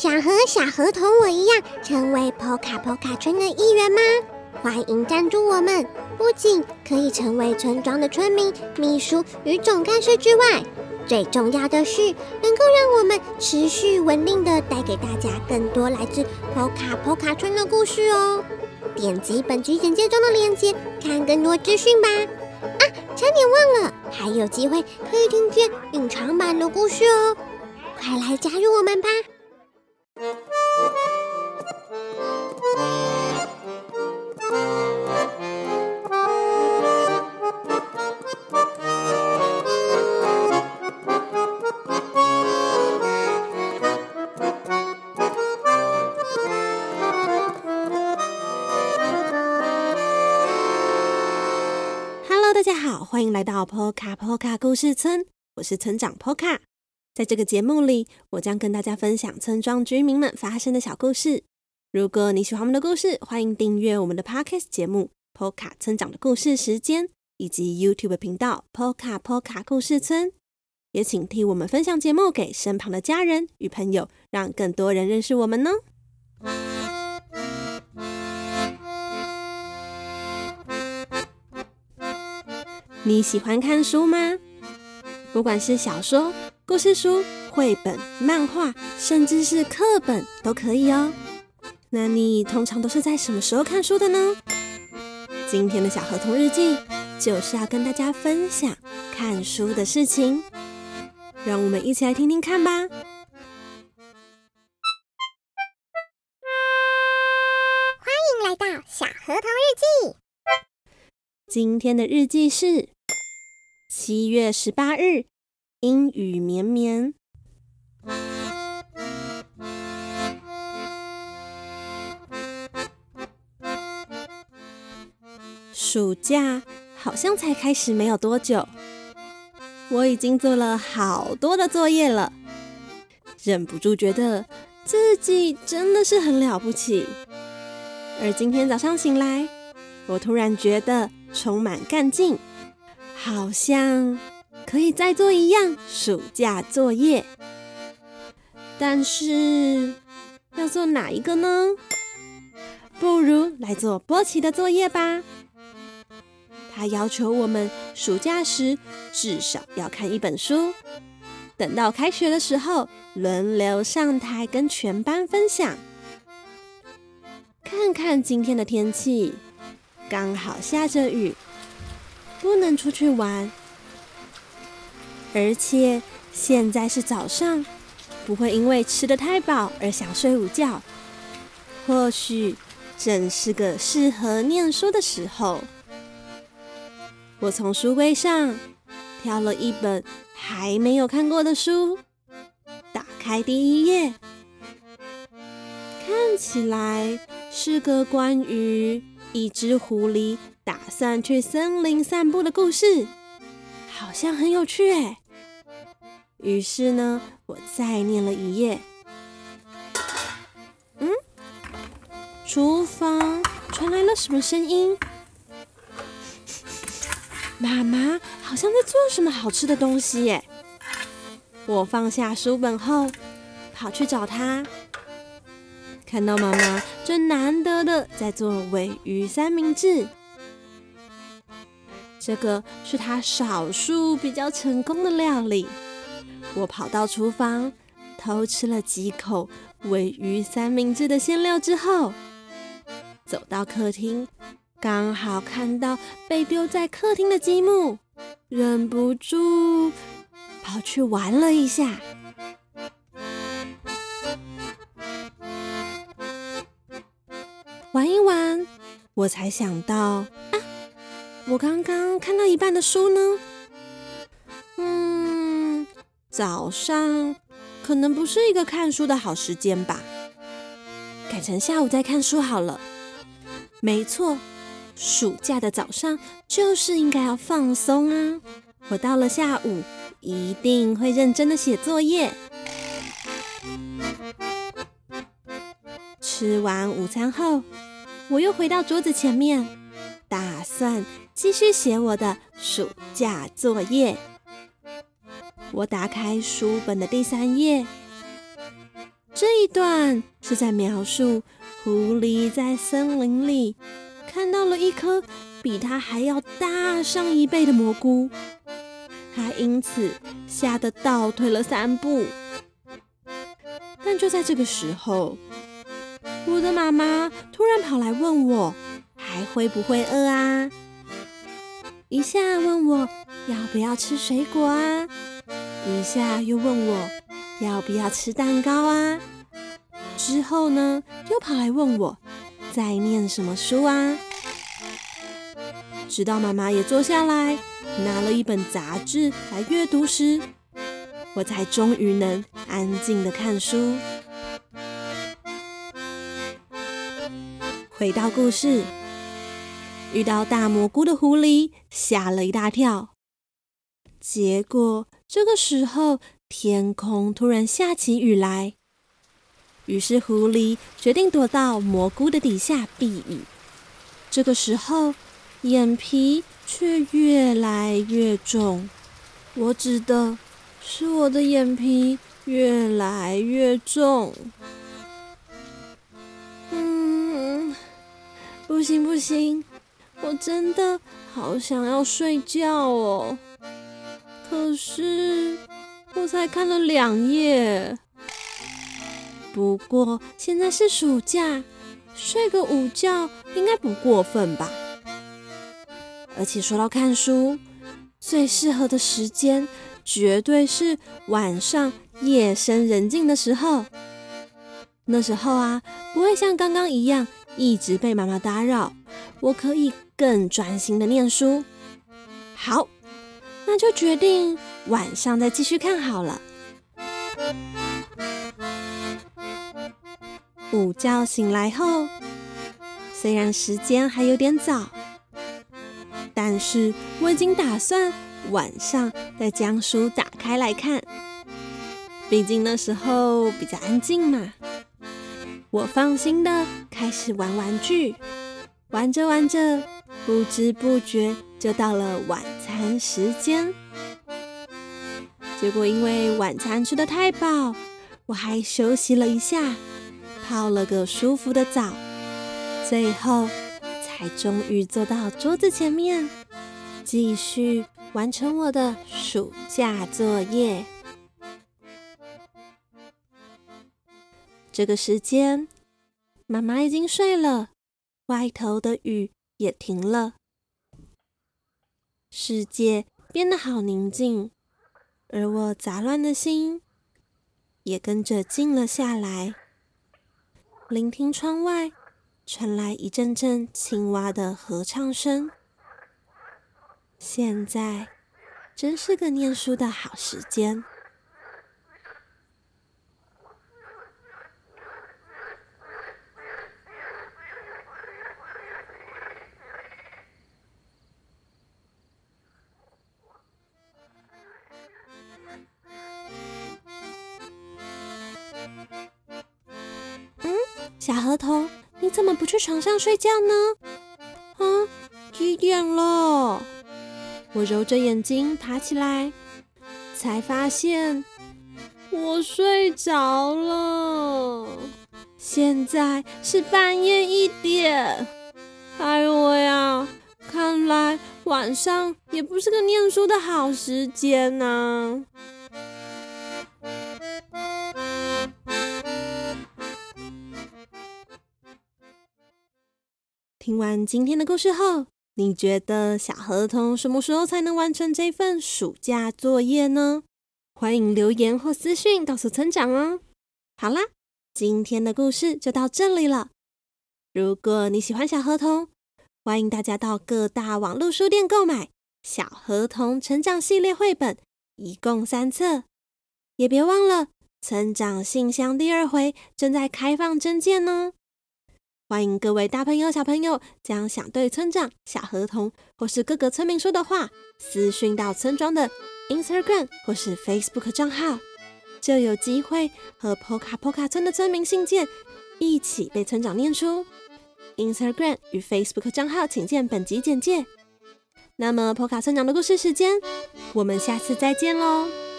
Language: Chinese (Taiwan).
想和小何同我一樣，成為波卡波卡村的一員嗎？歡迎贊助我們，不僅可以成為村莊的村民、秘書與總幹事之外，最重要的是能夠讓我們持續穩定的帶給大家更多來自波卡波卡村的故事哦。點擊本集簡介中的鏈接，看更多資訊吧。啊，差點忘了，還有機會可以聽見隱藏版的故事哦！快來加入我們吧！歡迎來到 Pocapoca 故事村，我是村長 Poca。在這個節目裡，我將跟大家分享村莊居民們發生的小故事。如果你喜歡我們的故事，歡迎訂閱我們的 Podcast 節目 Poca 村長的故事時間，以及 YouTube 頻道 Pocapoca 故事村。也請替我們分享節目給身旁的家人與朋友，讓更多人認識我們呢、哦。你喜歡看書嗎？不管是小說、故事書、繪本、漫畫，甚至是課本，都可以哦。那你通常都是在什麼時候看書的呢？今天的小河童日記就是要跟大家分享看書的事情，讓我們一起來聽聽看吧。今天的日記是七月十八日，陰雨綿綿。暑假好像才開始沒有多久，我已經做了好多的作業了，忍不住覺得自己真的是很了不起。而今天早上醒來，我突然覺得。充滿幹勁，好像可以再做一樣暑假作業，但是要做哪一個呢？不如來做波奇的作業吧。他要求我們暑假時至少要看一本書，等到開學的時候輪流上台跟全班分享。看看今天的天氣。剛好下着雨，不能出去玩，而且現在是早上，不會因為吃得太飽而想睡午覺。或許正是個適合念書的時候。我從書櫃上挑了一本還沒有看過的書，打開第一頁，看起來是個關於……一隻狐狸打算去森林散步的故事，好像很有趣哎。於是呢，我再念了一頁。嗯？廚房傳來了什麼聲音？媽媽好像在做什麼好吃的東西耶！我放下書本後，跑去找她。看到媽媽正難得的在做鮪魚三明治，這個是她少數比較成功的料理。我跑到廚房偷吃了幾口鮪魚三明治的餡料之後，走到客廳，剛好看到被丟在客廳的積木，忍不住跑去玩了一下。我才想到啊，我剛剛看到一半的書呢。嗯，早上可能不是一個看書的好時間吧，改成下午再看書好了。沒錯，暑假的早上就是應該要放鬆啊。我到了下午一定會認真的寫作業。吃完午餐後。我又回到桌子前面，打算繼續寫我的暑假作業。我打開書本的第三頁，這一段是在描述狐狸在森林裡看到了一顆比它還要大上一倍的蘑菇，它因此嚇得倒退了三步。但就在這個時候，我的媽媽突然跑來問我還會不會餓啊？一下問我要不要吃水果啊？一下又問我要不要吃蛋糕啊？之後呢，又跑來問我在念什麼書啊？直到媽媽也坐下來拿了一本雜誌來閱讀時，我才終於能安靜的看書。回到故事，遇到大蘑菇的狐狸嚇了一大跳。結果這個時候，天空突然下起雨來。於是狐狸決定躲到蘑菇的底下避雨。這個時候，眼皮卻越來越重。我指的是我的眼皮越來越重。不行不行，我真的好想要睡覺哦。可是我才看了兩頁。不過現在是暑假，睡個午覺應該不過分吧？而且說到看書，最適合的時間絕對是晚上夜深人靜的時候。那時候啊，不會像剛剛一樣。一直被媽媽打擾，我可以更專心的念書。好，那就決定晚上再繼續看好了。午覺醒來後，雖然時間還有點早，但是我已經打算晚上再將書打開來看，畢竟那時候比較安靜嘛。我放心的開始玩玩具，玩着玩着，不知不覺就到了晚餐時間。結果因為晚餐吃得太飽，我還休息了一下，泡了個舒服的澡，最後才終於坐到桌子前面，繼續完成我的暑假作業。這個時間，媽媽已經睡了，外頭的雨也停了，世界變得好寧靜，而我雜亂的心也跟着靜了下來。聆聽窗外傳來一陣陣青蛙的合唱聲，現在真是個念書的好時間。小河童，你怎麼不去床上睡覺呢？啊，幾點了？我揉着眼睛爬起來，才發現我睡着了。現在是半夜一點，哎呦呀，看來晚上也不是個念書的好時間啊。聽完今天的故事後，你覺得小河童什麼時候才能完成這份暑假作業呢？歡迎留言或私訊告訴村長哦。好啦，今天的故事就到這裡了。如果你喜歡小河童，歡迎大家到各大網絡書店購買《小河童成長系列》繪本，一共三冊。也別忘了，村長信箱第二回正在開放徵件呢。歡迎各位大朋友、小朋友，將想對村長、小河童，或是各個村民說的話私訊到村莊的 Instagram 或是 Facebook 賬號，就有機會和 Pocapoca 村的村民信件一起被村長念出。Instagram 與 Facebook 賬號請見本集簡介。那麼 Pocapoca 村長的故事時間，我們下次再見嘍！